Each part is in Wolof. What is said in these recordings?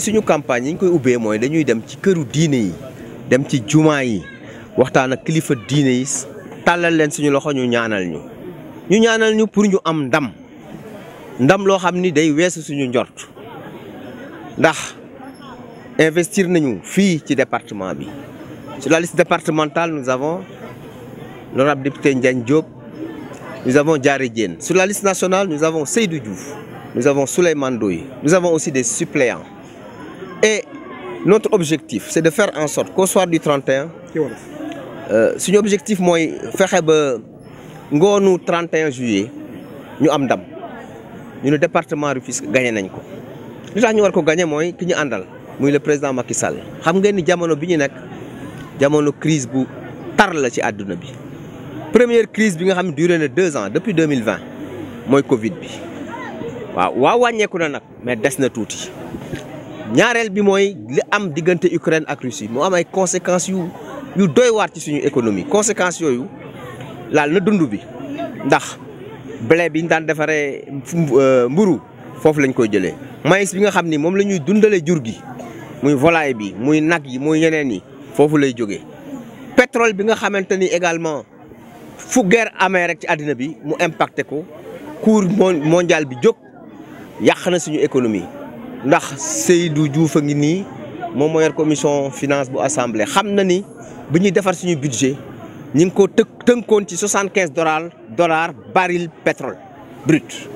suñu campagne yi ñu koy ubbee mooy dañuy dem ci këru diine yi dem ci jumaa yi waxtaan ak kilifa diine yi tàllal leen suñu loxo ñu ñaanal ñu ñu ñaanal ñu pour ñu am ndam ndam loo xam day weesu suñu ndort ndax investir nañu fi ci département bi sur la liste départementale nous avons l'honorable député Ndiagne Diop nous avons Diarry Diène sur la liste nationale nous avons Seydou Diouf nous avons Souleymane Ndoye nous avons aussi des suppléants et notre objectif, c'est de faire en sorte qu'au soir du 31, euh, suñu objectif est de ba ngoonu 31 juillet ñu am ndam ñu nous département fisc, gagné nañ ko gagné, nous ñu war ko gagné mooy ki ñu le président Macky Sall xam ngeen ni jamono bi ñu nekk jamono crise bu tar la ci bi première crise bi nga duré deux ans depuis 2020 c'est le Covid bi avons waaw wàññeeku na nag mais des na nous bi moy li am Ukraine ak Russie mo am ay conséquences yu yu doy ci conséquences na dundu bi ndax blé bi ñu daan euh, mburu fofu lañ koy jëlé maïs bi nga xamni la muy volaille bi muy nak yi muy pétrole bi nga également fu guerre ci bi mondial bi na suñu économie ndax Seydou Diouf ngi ni moom moo commission finance bu assemblée xamna ni biñu défar defar suñu budget ñi ko teunkon ci 75 dollars dollars baril pétrole brut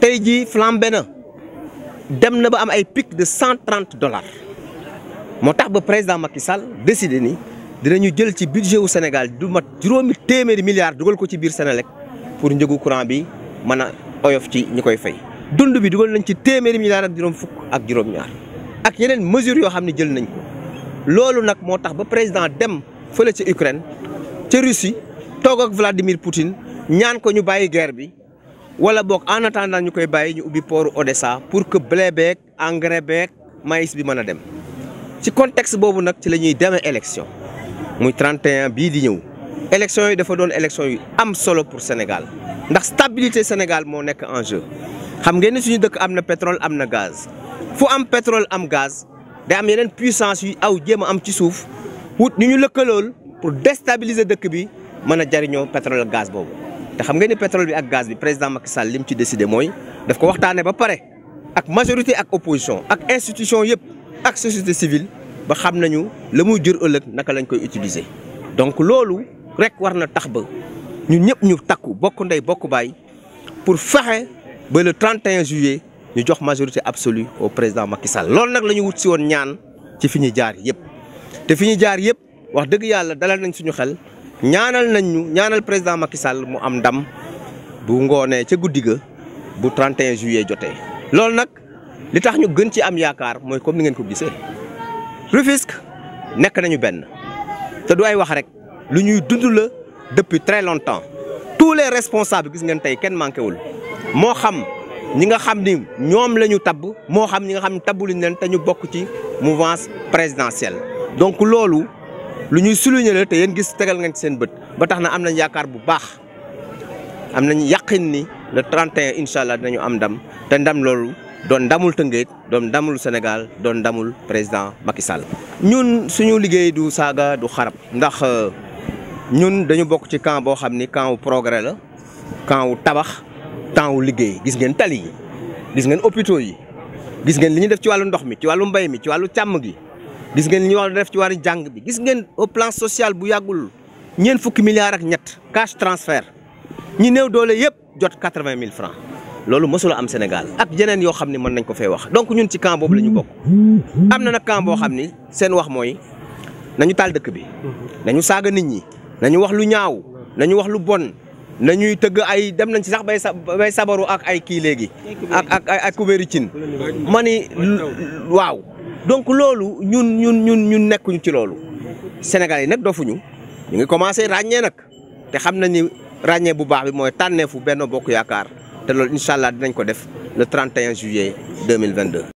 tay ji flambé na dem na ba am ay pic de 130 dollars motax ba président Macky Sall décidé ni dinañu jël ci budget wu Sénégal du mat juroomi témer milliards dugal ko ci biir Sénélec pour njëgu courant bi mëna a oyof ci ñi koy fay dund bi dugal nañ ci téeméeri milliards ak juróom fuk ak juroom ñaar ak yeneen mesure yoo xam ne jël nañ ko loolu nag moo tax ba président dem fële ci Ukraine ca Russie toog ak Vladimir Poutine ñaan ko ñu bàyyi guerre bi wala boog en attendant ñu koy bàyyi ñu ubbi port Odessa pour que blé beeg engrais beeg maïs bi mën a dem. ci contexte boobu nag ci la ñuy demee élection muy 31 bii di ñëw élection yi dafa doon élection yu am solo pour Sénégal ndax stabilité Sénégal moo nekk en jeu xam ngeen suñu dëkk amna pétrole amna gaz fu am pétrole am gaz day am yeneen puissance yu aw jéem am ci suuf wut ñu ñu lëkkalool pour déstabiliser dëkk bi mën a jariñoo pétrole ak gaz boobu. te xam ngeen ni pétrole bi ak gaz bi président Macky Sall lim ci décidé mooy daf ko waxtaanee ba pare ak majorité ak opposition ak institution yëpp ak société civile ba xam nañu la muy jur ëllëg naka lañ koy utiliser. donc loolu rek war na tax ba ñun ñëpp ñu takku bokk ndey bokk baay pour fexe ba le 31 juillet ñu jox majorité absolue au président Macky Sall loolu nag la ñu wut si woon ñaan ci fi ñu jaar yëpp te fi ñu jaar yëpp wax dëgg yàlla dalal nañ suñu xel ñaanal nañ ñu ñaanal président Macky Sall mu am ndam bu ngone ci guddiga bu 31 juillet jotee. lool nak li tax ñu gën ci am yaakaar moy comme ni ngeen ko gissé Rufisque nek nañu ben té du ay wax rek lu ñuy depuis très longtemps tous les responsables gis ngeen tay kenn manqué wul. Moham, xam ñi nga xam ni ñom lañu tab mo xam ñi nga xam tabul tabbu luñ leen ñu bok ci mouvance présidentielle donc lolu lu ñuy la te yeen gis tegal ngeen ci seen bëtt ba tax am nañ yaakar bu baax am nañ yaqin ni le 31 inshallah dañu amdam. am ndam té ndam lolu don ndamul teungeet don ndamul Sénégal don ndamul président Macky Sall ñun suñu liggéey du saga du xarab ndax euh, ñun dañu bok ci camp bo xamni ni camp wu progrès la camp wu temps wu liggéey gis ngeen tali gis ngeen hôpitaux yi gis ngeen li ñu def ci walu ndox mi ci walu mbay mi ci walu cham gi gis ngeen li ñu def ci wàllu jang bi gis ngeen au plan social bu yagul ñeent fukki milliards ak ñet cash transfert ñi neew doole yépp jot 80000 vingt mille francs am Sénégal ak yenen yo xamni mën nañ ko fay wax donc ñun ci camp bobu lañu bok amna am na camp bo xamni seen wax moy nañu tal dëkk bi nañu saga nit ñi nañu wax lu ñaaw nañu wax lu bonne na ñuy tëgg ay dem nañ ci sax bay bay sabaru ak ay kii léegi ak ak ay kubéeri cin ma ni waaw donc loolu ñun ñun ñun ñun nekkuñu ci loolu Sénégal yi nag dofuñu ñu ngi commencé ràññee nag te xam nañ ni ràññee bu baax bi mooy tànneefu benn bokk yaakaar te loolu incha allah dinañ ko def le en deux 31 juillet 2022